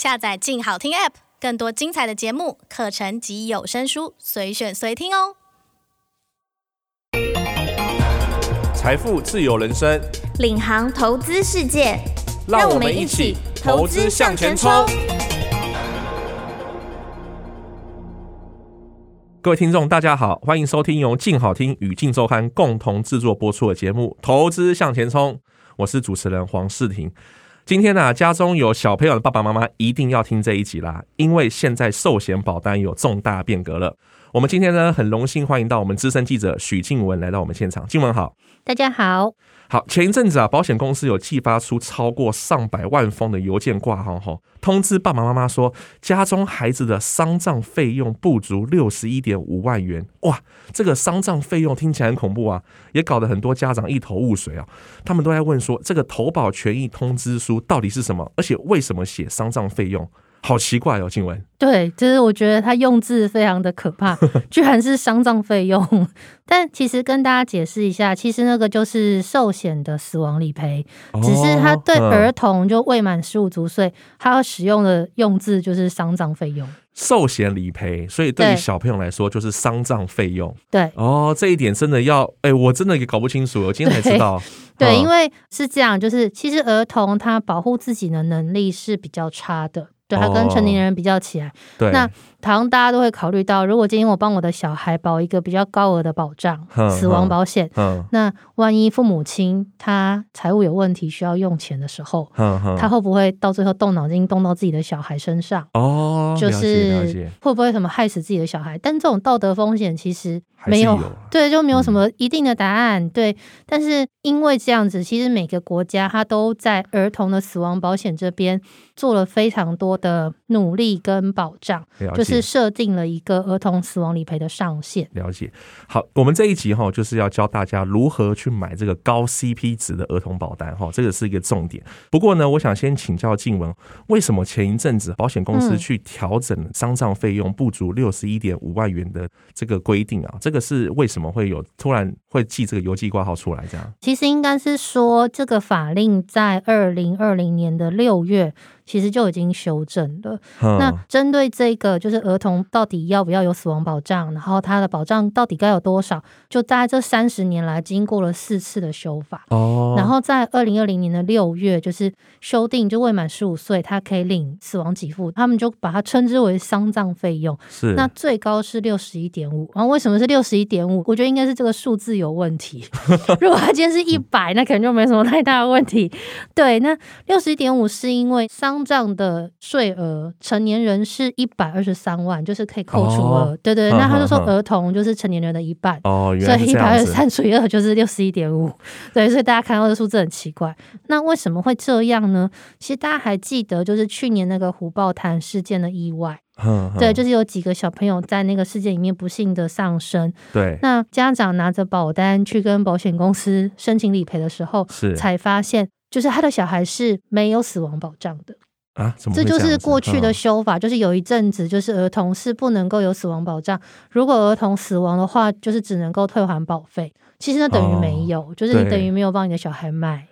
下載「靜好聽」App，更多精彩的節目、課程及有聲書，隨選隨聽哦！財富自由人生，領航投資世界，讓我們一起投資向前衝！前衝，各位聽眾，大家好，歡迎收聽由「靜好聽」與《靜周刊》共同制作播出的節目《投資向前衝》，我是主持人黃世廷。今天呢、啊，家中有小朋友的爸爸媽媽一定要聽這一集啦，因為現在壽險保單有重大變革了。我們今天呢，很榮幸歡迎到我們資深記者許靜文來到我們現場。靜文好，大家好，好。前一陣子啊，保險公司有寄發出超過上百萬封的郵件掛號後，通知爸爸媽媽說，家中孩子的喪葬費用不足六十一點五萬元。哇，這個喪葬費用聽起來很恐怖啊，也搞得很多家長一頭霧水啊。他們都在問說，這個投保權益通知書。到底是什麼？而且為什麼寫喪葬費用？好奇怪哦，靜文。對，就是我覺得他用字非常的可怕，居然是喪葬費用。 但其實跟大家解釋一下，其實那個就是壽險的死亡理賠，哦、只是他對兒童就未滿十五周歲，嗯、他要使用的用字就是喪葬費用。壽險理賠，所以對於小朋友來說就是喪葬費用。對，哦，這一點真的要，哎，我真的也搞不清楚，我今天才知道。對，嗯、對，因為是這樣，就是其實兒童他保護自己的能力是比較差的。對，他跟成年人比較起來，oh, 對那。好像大家都會考慮到，如果今天我幫我的小孩保一個比較高額的保障，呵呵，死亡保險，呵那萬一父母親他財務有問題需要用錢的時候，呵呵，他會不會到最後動腦筋動到自己的小孩身上？哦，就是會不會什麼害死自己的小孩？哦，但這種道德風險其實沒有，有啊，對，就沒有什麼一定的答案。嗯，對，但是因為這樣子，其實每個國家它都在兒童的死亡保險這邊做了非常多的。努力跟保障，了解，就是設定了一個兒童死亡理賠的上限。了解，好，我們這一集哈，就是要教大家如何去買這個高 CP 值的兒童保單哈，這個是一個重點。不過呢，我想先請教靜文，為什麼前一陣子保險公司去調整喪葬費用不足六十一點五萬元的這個規定啊？嗯、這個是為什麼會有突然會寄這個郵寄掛號出來這樣、啊？其實應該是說，這個法令在二零二零年的六月。其實就已經修正了。Huh. 那針對這個，就是兒童到底要不要有死亡保障，然後他的保障到底該有多少？就大概這三十年來，經過了四次的修法。哦。Oh. 然後在二零二零年的六月，就是修訂，就未滿十五歲，他可以領死亡給付，他們就把它稱之為喪葬費用。是。那最高是六十一點五。然後為什麼是六十一點五？我覺得應該是這個數字有問題。 如果他今天是一百，那可能就沒什麼太大的問題。對。那六十一點五是因為喪。通脹的稅額，成年人是一百二十三萬，就是可以扣除額。哦、對，對對，哦、那他就說兒童就是成年人的一半，哦、所以一百二十三除以二就是六十一點五。對，所以大家看到的數字很奇怪。那為什麼會這樣呢？其實大家還記得，就是去年那個虎豹潭事件的意外，哦、對，就是有幾個小朋友在那個事件裡面不幸的喪生。對、哦，那家長拿着保單去跟保險公司申請理賠的時候，是才發現，就是他的小孩是沒有死亡保障的。啊，這，這就是過去的修法，就是有一陣子，就是兒童是不能夠有死亡保障，如果兒童死亡的話，就是只能夠退還保費，其實那等於沒有，哦、就是你等於沒有幫你的小孩買。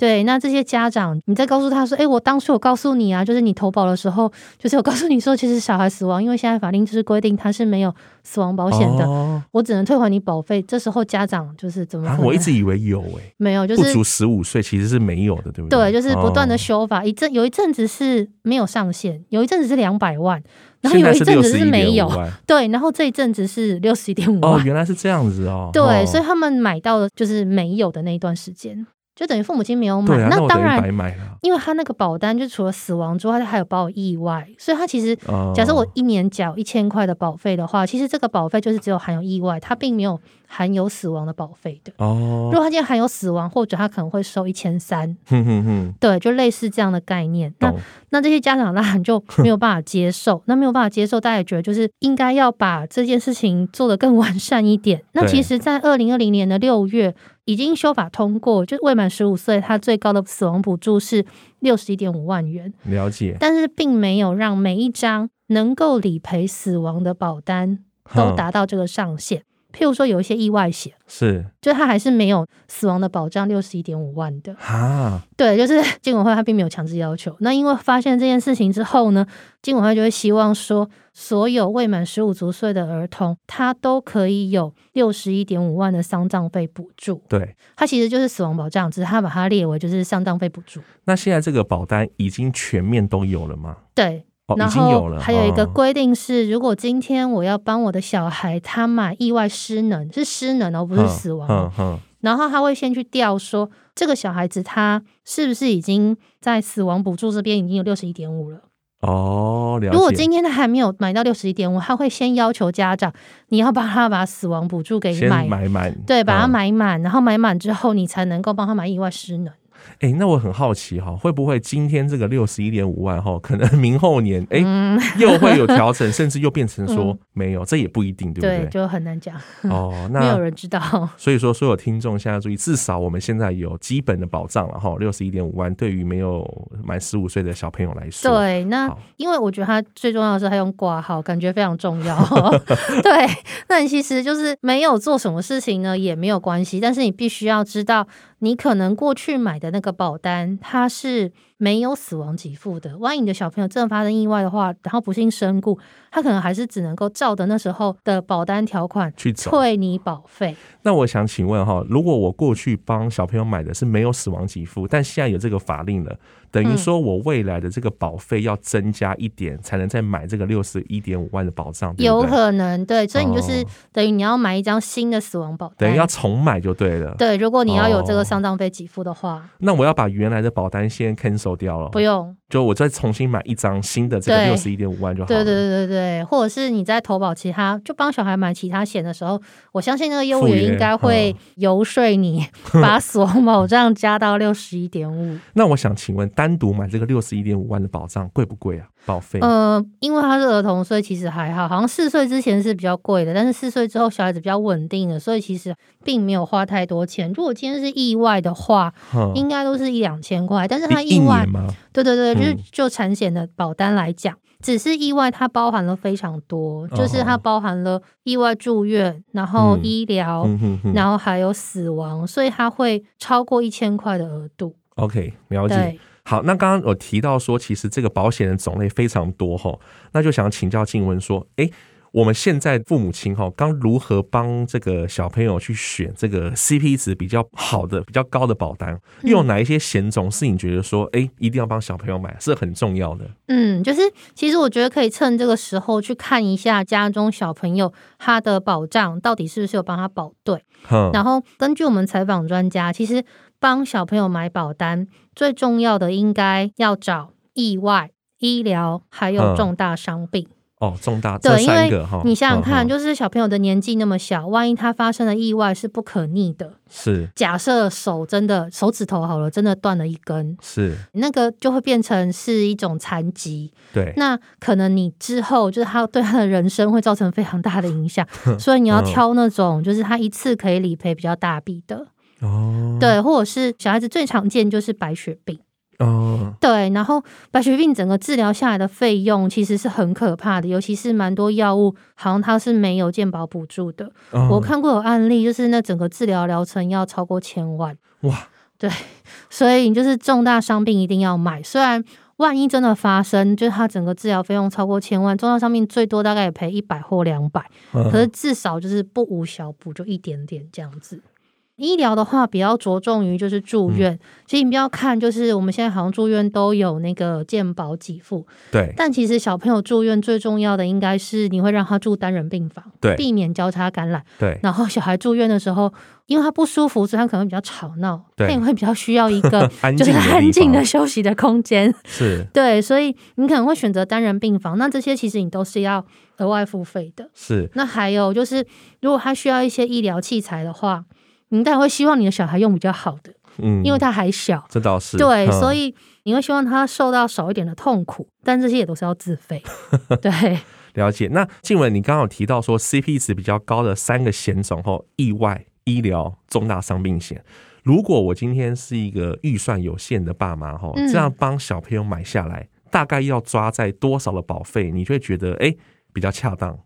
對，那這些家長，你再告訴他說：“哎、欸，我當初我告訴你啊，就是你投保的時候，就是我告訴你說，其實小孩死亡，因為現在法令就是規定他是沒有死亡保險的，哦、我只能退還你保費。”這時候家長就是怎麼、啊？我一直以為有哎、欸，沒有，就是不足十五歲其實是沒有的，對不對？對，就是不斷的修法，哦、一陣有一陣子是沒有上限，有一陣子是兩百萬，然後有一陣子是沒有，對，然後這一陣子是六十一點五萬哦，原來是這樣子哦。對，哦、所以他們買到的就是沒有的那一段時間。就等於父母親沒有買，啊、那當然白買了，因為他那個保單就除了死亡之外，他還有保有意外，所以他其實假設我一年繳一千塊的保費的話，oh. 其實這個保費就是只有含有意外，他並沒有含有死亡的保費的。哦，oh. 如果他現在含有死亡，或者他可能會收一千三。 對，就類似這樣的概念。Oh. 那那這些家長當然就沒有辦法接受， 那沒有辦法接受，大家也覺得就是應該要把這件事情做得更完善一點。對那其實，在二零二零年的六月。已經修法通過，就未滿十五歲，他最高的死亡補助是六十一點五萬元。了解，但是並沒有讓每一張能夠理賠死亡的保單都達到這個上限。嗯譬如說有一些意外險是，就他還是沒有死亡的保障，六十一點五萬的啊，哈對，就是金管會他並沒有強制要求。那因為發現這件事情之後呢，金管會就會希望說，所有未滿十五足歲的兒童，他都可以有六十一點五萬的喪葬費補助。對，它其實就是死亡保障，只是他把它列為就是喪葬費補助。那現在這個保單已經全面都有了嗎？對。然後還有一個規定是，如果今天我要幫我的小孩他買意外失能，是失能哦，而不是死亡嗯。嗯，嗯。然後他會先去調說這個小孩子他是不是已經在死亡補助這邊已經有六十一點五了？哦，了解。如果今天他還沒有買到六十一點五，他會先要求家長，你要幫他把死亡補助給買、買滿，對，把它買滿，嗯、然後買滿之後你才能夠幫他買意外失能。哎、欸，那我很好奇哈，會不會今天這個六十一點五萬哈，可能明後年誒，欸嗯、又會有調整， 甚至又變成說沒有，嗯、這也不一定，對不對？對，就很難講哦，那沒有人知道。所以說，所有聽眾現在注意，至少我們現在有基本的保障了哈，六十一點五萬對於沒有滿十五歲的小朋友來說，對，那因為我覺得他最重要的是他用掛號，感覺非常重要。 對，那你其實就是沒有做什麼事情呢，也沒有關係，但是你必須要知道。你可能過去買的那個保單，它是。沒有死亡給付的，萬一你的小朋友真的發生意外的話，然後不幸身故，他可能還是只能夠照著那時候的保單條款去退走你保費。那我想請問哈，如果我過去幫小朋友買的是沒有死亡給付，但現在有這個法令了，等於說我未來的這個保費要增加一點，嗯、才能再買這個六十一點五萬的保障，對對有可能對，所以你就是等於你要買一張新的死亡保單，等於要重買就對了。對，如果你要有這個喪葬費給付的話，哦，那我要把原來的保單先 cancel。掉了，不用，就我再重新買一張新的這個六十一點五萬就好了。對對對對對，或者是你在投保其他，就幫小孩買其他險的時候，我相信那個業務員應該會遊說你不用 把死亡保障加到六十一點五。那我想請問，單獨買這個六十一點五萬的保障貴不貴啊？保費，呃，因為他是兒童，所以其實還好，好像四歲之前是比較貴的，但是四歲之後小孩子比較穩定的，所以其實並沒有花太多錢。如果今天是意外的話，嗯、應該都是一兩千塊。但是他意外嗎？對對對，就是，嗯、就產險的保單來講，只是意外，它包含了非常多，就是它包含了意外住院，然後醫療，嗯、然後還有死亡，嗯、哼哼所以它會超過一千塊的額度。OK，了解。好，那剛剛有提到說，其實這個保險的種類非常多哈，那就想請教靜雯說，哎、欸，我們現在父母親哈，剛如何幫這個小朋友去選這個 CP 值比較好的、比較高的保單？又有哪一些險種是你覺得說，哎、欸，一定要幫小朋友買，是很重要的？嗯，就是其實我覺得可以趁這個時候去看一下家中小朋友他的保障，到底是不是有幫他保對，嗯、然後根據我們採訪專家，其實。幫小朋友買保單，最重要的應該要找意外、醫療還有重大傷病、嗯。哦，重大對，這三個因為你想想看，哦、就是小朋友的年紀那麼小，哦、萬一他發生了意外是不可逆的。是。假設手真的手指頭好了，真的斷了一根，是那個就會變成是一種殘疾。對。那可能你之後就是他對他的人生會造成非常大的影響，呵所以你要挑那種、嗯、就是他一次可以理賠比較大筆的。哦，oh. 對，或者是小孩子最常見就是白血病，哦，oh. 對，然後白血病整個治療下來的費用其實是很可怕的，尤其是蠻多藥物好像它是沒有健保補助的。Oh. 我看過有案例，就是那整個治療療程要超過千萬，哇，oh. 對，所以你就是重大傷病一定要買，雖然萬一真的發生，就是它整個治療費用超過千萬，重大傷病最多大概也賠一百或兩百，可是至少就是不無小補，就一點點這樣子。醫療的話比較着重於就是住院，所以、嗯、你不要看就是我們現在好像住院都有那個健保給付，對。但其實小朋友住院最重要的應該是你會讓他住單人病房，對，避免交叉感染，對。然後小孩住院的時候，因為他不舒服，所以他可能比較吵鬧，對，他也會比較需要一個就是安靜的休息的空間，對是對。所以你可能會選擇單人病房。那這些其實你都是要額外付費的，是。那還有就是如果他需要一些醫療器材的話。你當然會希望你的小孩用比較好的，嗯，因為他還小，這倒是對，嗯、所以你會希望他受到少一點的痛苦，但這些也都是要自費。呵呵對，了解。那靜文，你剛剛有提到說 CP 值比較高的三個險種，吼，意外、醫療、重大傷病險。如果我今天是一個預算有限的爸媽，吼、嗯，這樣幫小朋友買下來，大概要抓在多少的保費，你就會覺得哎、欸、比較恰當？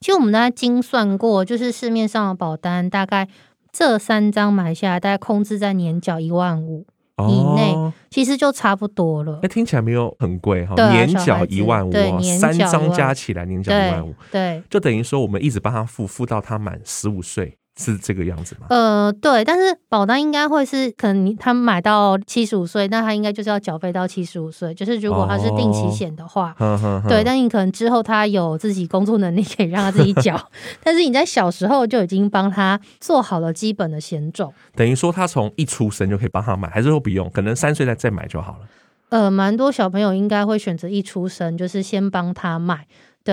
其實我們大家精算過，就是市面上的保單大概。這三張買下來，大概控制在年繳一萬五以內，其實就差不多了。那、哦欸、聽起來沒有很貴哈，年繳一萬五、啊哦，三張加起來年繳一萬五，對，就等於說我們一直幫他付，付到他滿十五歲。是這個樣子嗎？呃，對，但是保單應該會是可能你他買到七十五歲，那他應該就是要繳費到七十五歲，就是如果他是定期險的話，哦、呵呵呵對。但你可能之後他有自己工作能力，可以讓他自己繳。 但是你在小時候就已經幫他做好了基本的險種，等於說他從一出生就可以幫他買，還是說不用？可能三歲再再買就好了。呃，蠻多小朋友應該會選擇一出生，就是先幫他買。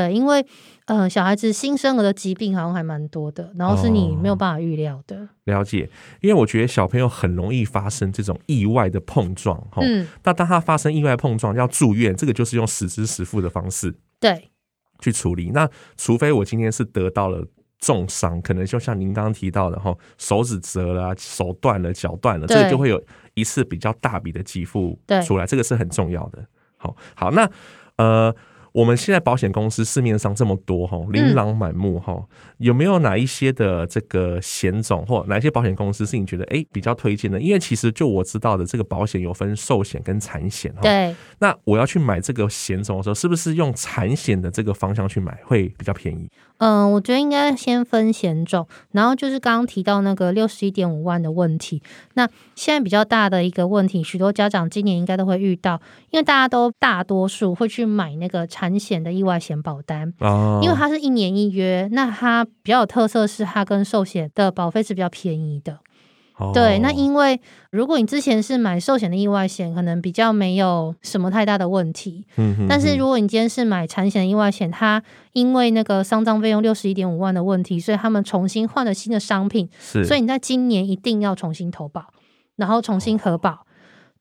對，因為呃，小孩子新生兒的疾病好像還蠻多的，然後是你沒有辦法預料的。哦，了解，因為我覺得小朋友很容易發生這種意外的碰撞，嗯。那當他發生意外碰撞要住院，這個就是用實支實付的方式，對，去處理。對那除非我今天是得到了重傷，可能就像您剛剛提到的，吼，手指折了、手斷了、腳斷了，對這個就會有一次比較大筆的給付出來，對這個是很重要的。好好，那呃。我們現在保險公司市面上這麼多哈，琳琅滿目哈，嗯、有沒有哪一些的這個險種或哪一些保險公司是你覺得誒比較推薦的？因為其實就我知道的，這個保險有分壽險跟產險哈。對。那我要去買這個險種的時候，是不是用產險的這個方向去買會比較便宜？嗯，我覺得應該先分險種，然後就是剛剛提到那個六十一點五萬的問題。那現在比較大的一個問題，許多家長今年應該都會遇到，因為大家都大多數會去買那個產險的意外險保單，哦，因為它是一年一約，那它比較有特色是它跟壽險的保費是比較便宜的。對，那因為如果你之前是買壽險的意外險，可能比較沒有什麼太大的問題。嗯、哼哼，但是如果你今天是買產險的意外險，它因為那個喪葬費用六十一點五萬的問題，所以他們重新換了新的商品。是所以你在今年一定要重新投保，然後重新核保。哦、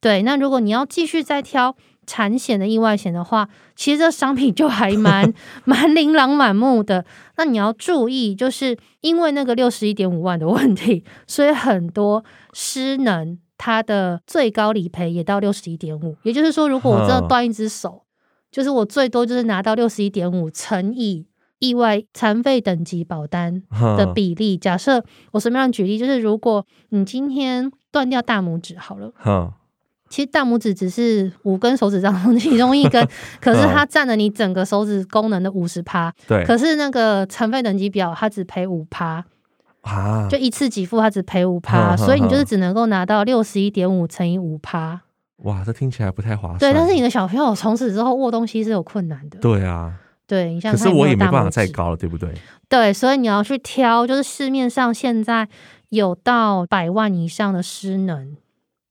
對，那如果你要繼續再挑。產險的意外險的話，其實這商品就還蠻蠻 琳琅滿目的。那你要注意，就是因為那個六十一點五萬的問題，所以很多失能它的最高理賠也到六十一點五。也就是說，如果我這斷一隻手， 就是我最多就是拿到六十一點五乘以意外殘廢等級保單的比例。 假設我什隨便舉例，就是如果你今天斷掉大拇指，好了。 其實大拇指只是五根手指當中其中一根，可是它佔了你整個手指功能的五十趴。對， 嗯、可是那個殘廢等級表，它只賠五趴啊，對 就一次給付，它只賠五趴，啊、所以你就是只能夠拿到六十一點五乘以五趴。哇，這聽起來不太划算。對，但是你的小朋友從此之後握東西是有困難的。對啊，對，你像你看看有沒有，可是我也沒辦法再高了，對不對？對，所以你要去挑，就是市面上現在有到百萬以上的失能。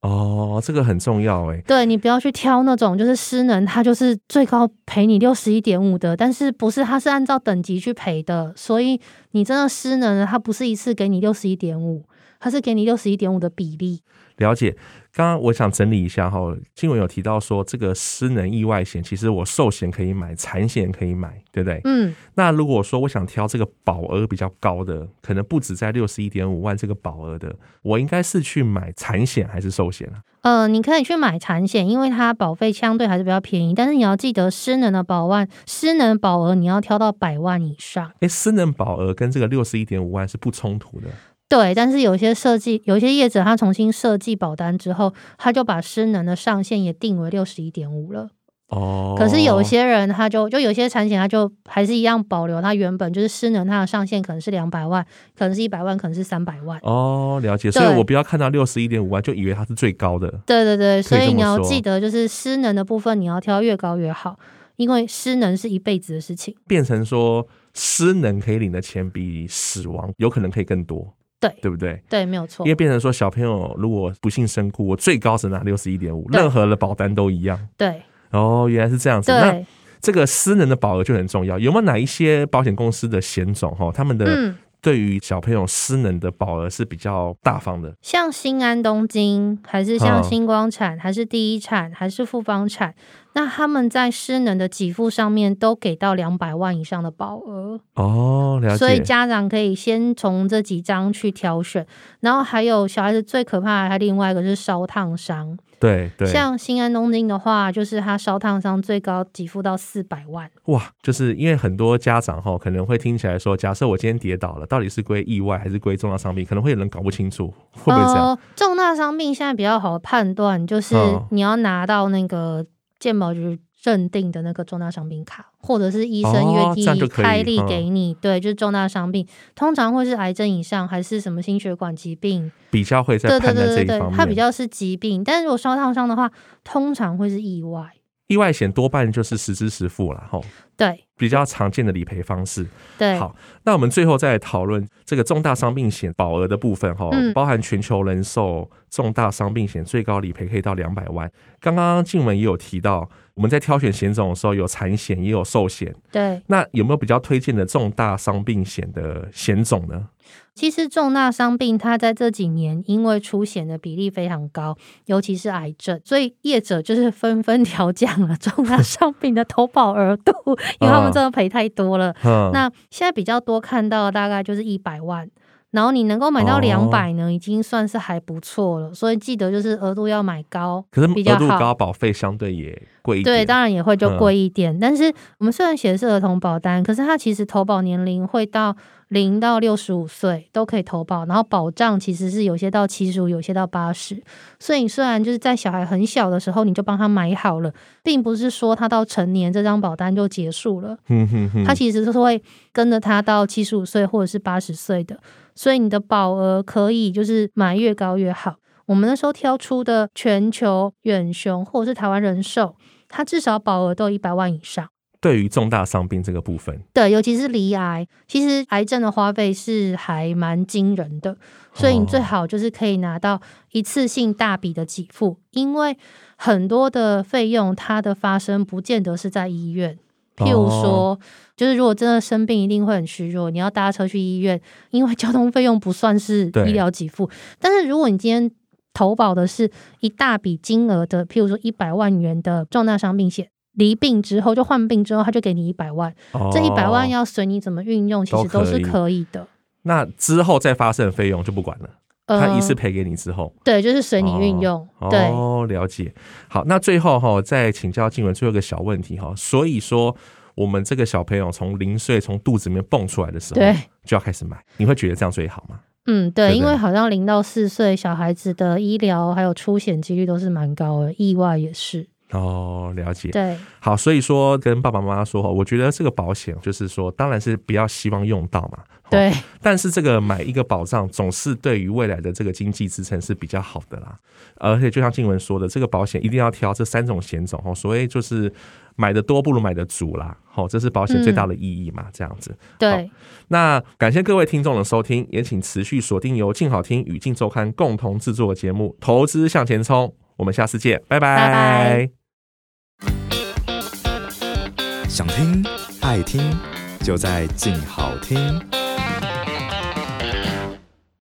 哦，這個很重要哎、欸，對你不要去挑那種就是失能，它就是最高賠你六十一點五的，但是不是，它是按照等級去賠的，所以你真的失能了，它不是一次給你六十一點五，它是給你六十一點五的比例。了解。剛剛我想整理一下哈，新聞有提到說這個失能意外險，其實我壽險可以買，產險可以買，對不對？嗯，那如果說我想挑這個保額比較高的，可能不止在六十一點五萬這個保額的，我應該是去買產險還是壽險啊？呃，你可以去買產險，因為它保費相對還是比較便宜。但是你要記得失能的保萬，失能保額你要挑到百萬以上。誒，失能保額跟這個六十一點五萬是不衝突的。對，但是有些設計，有些業者他重新設計保單之後，他就把失能的上限也定為六十一點五了。哦。可是有些人，他就就有些產險，他就還是一樣保留他原本就是失能它的上限可能是兩百萬，可能是一百萬，可能是三百萬。哦，了解。對，所以我不要看到六十一點五萬就以為它是最高的。對對對，以所以你要記得，就是失能的部分你要挑越高越好，因為失能是一輩子的事情。變成說失能可以領的錢比死亡有可能可以更多。對，對不對？對，對，沒有錯。因為變成說，小朋友如果不幸身故，我最高只能拿六十一點五，任何的保單都一樣。對。哦，原來是這樣子。對。那這個私人的保額就很重要。有沒有哪一些保險公司的險種？哈，他們的、嗯。對於小朋友失能的保額是比較大方的，像新安東京，還是像新光產，還是第一產，還是富邦產，那他們在失能的給付上面都給到兩百萬以上的保額哦。所以家長可以先從這幾張去挑選，然後還有小孩子最可怕的，他另外一個是燒燙傷。對對，對，像新安東京的話，就是它燒燙傷最高給付到四百萬。哇，就是因為很多家長哈、哦，可能會聽起來說，假設我今天跌倒了，到底是歸意外還是歸重大傷病？可能會有人搞不清楚，會不會是這樣、呃？重大傷病現在比較好的判斷，就是你要拿到那個健保是。哦認定的那個重大傷病卡，或者是醫生願意開立給你，哦、對，就是重大傷病，通常會是癌症以上，還是什麼心血管疾病，比較會在看待這一方面，對對對對對，它比較是疾病，但是如果燒燙傷的話，通常會是意外。意外險多半就是實支實付了哈，對，比較常見的理賠方式。對，好，那我們最後再討論這個重大傷病險保額的部分哈，包含全球人壽重大傷病險最高理賠可以到兩百萬。剛剛靜文也有提到，我們在挑選險種的時候有產險也有壽險，對，那有沒有比較推薦的重大傷病險的險種呢？其實重大傷病，它在這幾年因為出險的比例非常高，尤其是癌症，所以業者就是紛紛調降了重大傷病的投保額度，因為他們真的賠太多了。啊、那現在比較多看到的大概就是一百萬，然後你能夠買到兩百呢，已經算是還不錯了。所以記得就是額度要買高比較好，可是額度高保費相對也貴一點，對，當然也會就貴一點。啊、但是我們雖然寫的是兒童保單，可是它其實投保年齡會到。零到六十五歲都可以投保，然後保障其實是有些到七十五，有些到八十。所以你雖然就是在小孩很小的時候，你就幫他買好了，並不是說他到成年這張保單就結束了。嗯哼哼，他其實就是會跟着他到七十五歲或者是八十歲的。所以你的保額可以就是買越高越好。我們那時候挑出的全球遠雄或者是台灣人壽，他至少保額都有一百萬以上。對於重大傷病這個部分，對，尤其是罹癌，其實癌症的花費是還蠻驚人的，所以你最好就是可以拿到一次性大筆的給付，因為很多的費用它的發生不見得是在醫院，譬如說，哦、就是如果真的生病一定會很虛弱，你要搭車去醫院，因為交通費用不算是醫療給付，對但是如果你今天投保的是一大筆金額的，譬如說一百萬元的重大傷病險。離病之後，就患病之後，他就給你一百萬，哦、這一百萬要隨你怎麼運用，其實都是可以的。哦、都可以。那之後再發生的費用就不管了，呃、他一次賠給你之後，對，就是隨你運用。哦，對哦，了解。好，那最後哈，再請教靜文最後一個小問題哈，所以說我們這個小朋友從零歲從肚子裡面蹦出來的時候，就要開始買，對你會覺得這樣最好嗎？嗯，對，對對對，因為好像零到四歲小孩子的醫療還有出險幾率都是蠻高的，意外也是。哦，了解。對，好，所以說跟爸爸媽媽說，我覺得這個保險就是說，當然是比較希望用到嘛。對，但是這個買一個保障，總是對於未來的這個經濟支撐是比較好的啦。而且就像靜文說的，這個保險一定要挑這三種險種哦。所謂就是買的多不如買的足啦。好，這是保險最大的意義嘛。嗯、這樣子。對。那感謝各位聽眾的收聽，也請持續鎖定由鏡好聽與鏡週刊共同製作的節目《投資向錢衝》。我們下次見，拜拜。拜拜。想聽愛聽，就在靜好聽。